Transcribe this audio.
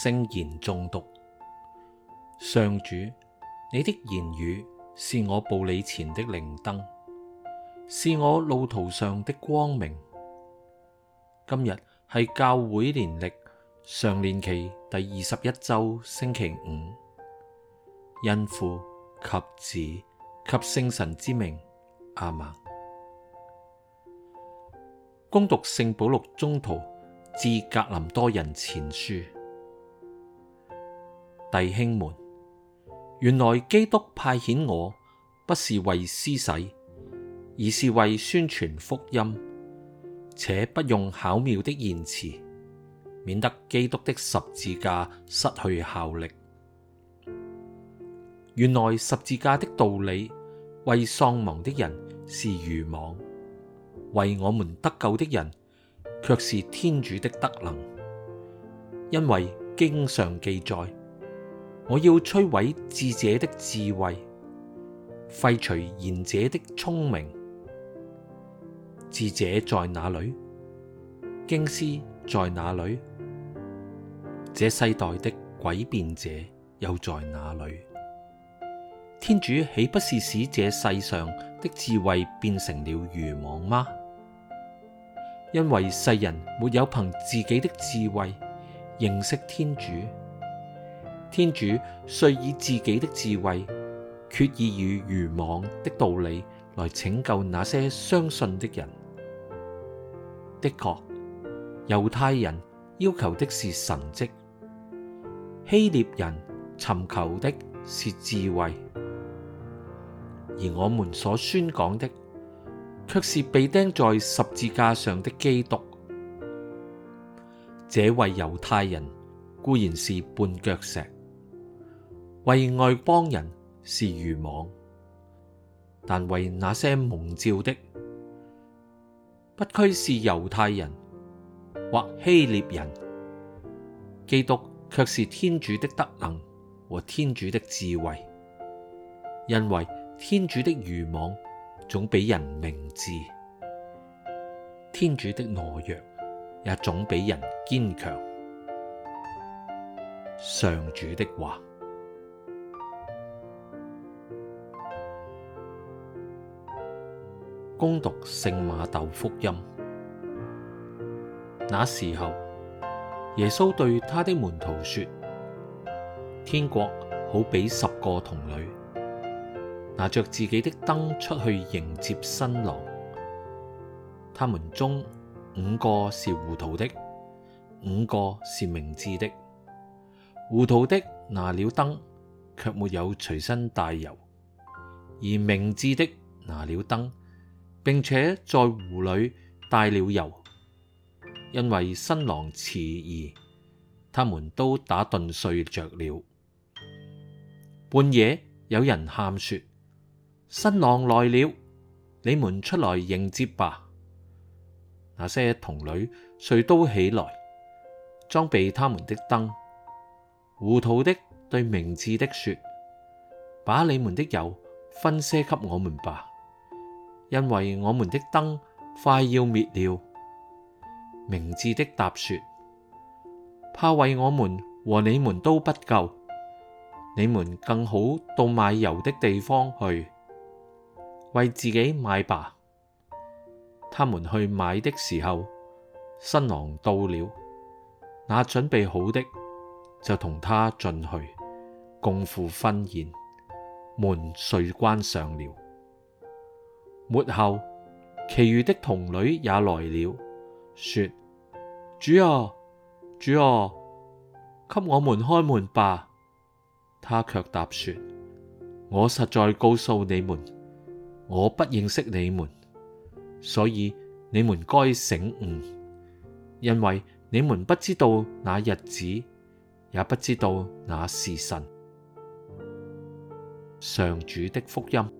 聖言中毒。上主，你的言語是我布你前的靈燈，是我路途上的光明。今日係教會年歷上年期第二十一周星期五，因父及子及聖神之名，阿門。攻讀聖保禄中途，致格林多人前書。弟兄們，原來基督派遣我，不是為施洗，而是為宣傳福音，且不用巧妙的言辭，免得基督的十字架失去效力。原來十字架的道理，為喪亡的人是愚妄，為我們得救的人卻是天主的德能，因為經上記載。我要摧毀智者的智慧，廢除賢者的聰明。智者在哪裏？經師在哪裏？這世代的詭辯者又在哪裏？天主豈不是使這世上的智慧變成了愚妄嗎？因為世人沒有憑自己的智慧認識天主。天主遂以自己的智慧，決意以愚妄的道理來拯救那些相信的人。的確，猶太人要求的是神蹟，希臘人尋求的是智慧，而我們所宣講的，却是被釘在十字架上的基督。這為猶太人固然是絆腳石。為外邦人是愚妄，但為那些蒙召的，不拘是猶太人或希臘人，基督卻是天主的德能和天主的智慧，因為天主的愚妄總比人明智，天主的懦弱也總比人堅強。上主的話。恭讀聖馬竇福音。那時候，耶穌對他的門徒說：天國好比十個童女，拿着自己的燈出去迎接新郎。她們中五個是糊塗的，五個是明智的。糊塗的拿了燈，卻沒有隨身帶油；而明智的拿了燈。並且在壺裏帶了油，因為新郎遲延，他們都打盹睡着了。半夜有人喊說：新郎來了，你們出來迎接吧。那些童女遂都起來，裝備他們的燈。糊塗的對明智的說：把你們的油分些給我們吧。因為我們的燈快要滅了，明智的答說：怕為我們和你們都不夠，你們更好到賣油的地方去，為自己買吧。她們去買的時候，新郎到了，那準備好的就同他進去，共赴婚宴。門遂關上了。末後，其餘的童女也來了，說：主啊，主啊，給我們開門吧！他卻答說：我實在告訴你們，我不認識你們，所以你們該醒寤，因為你們不知道那日子，也不知道那時辰。」上主的福音。